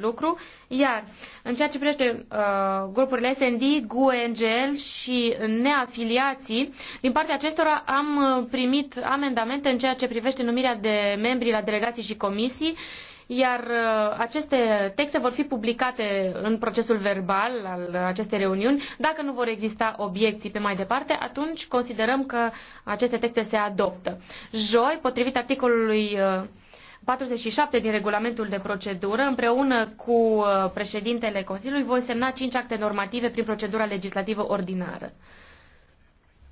lucru. Iar în ceea ce privește uh, grupurile SND, GUNGL și neafiliații, din partea acestora am uh, primit amendamente în ceea ce privește numirea de membri la delegații și comisii iar uh, aceste texte vor fi publicate în procesul verbal al acestei reuniuni. Dacă nu vor exista obiecții pe mai departe, atunci considerăm că aceste texte se adoptă. Joi, potrivit articolului uh, 47 din regulamentul de procedură, împreună cu uh, președintele Consiliului, voi semna cinci acte normative prin procedura legislativă ordinară.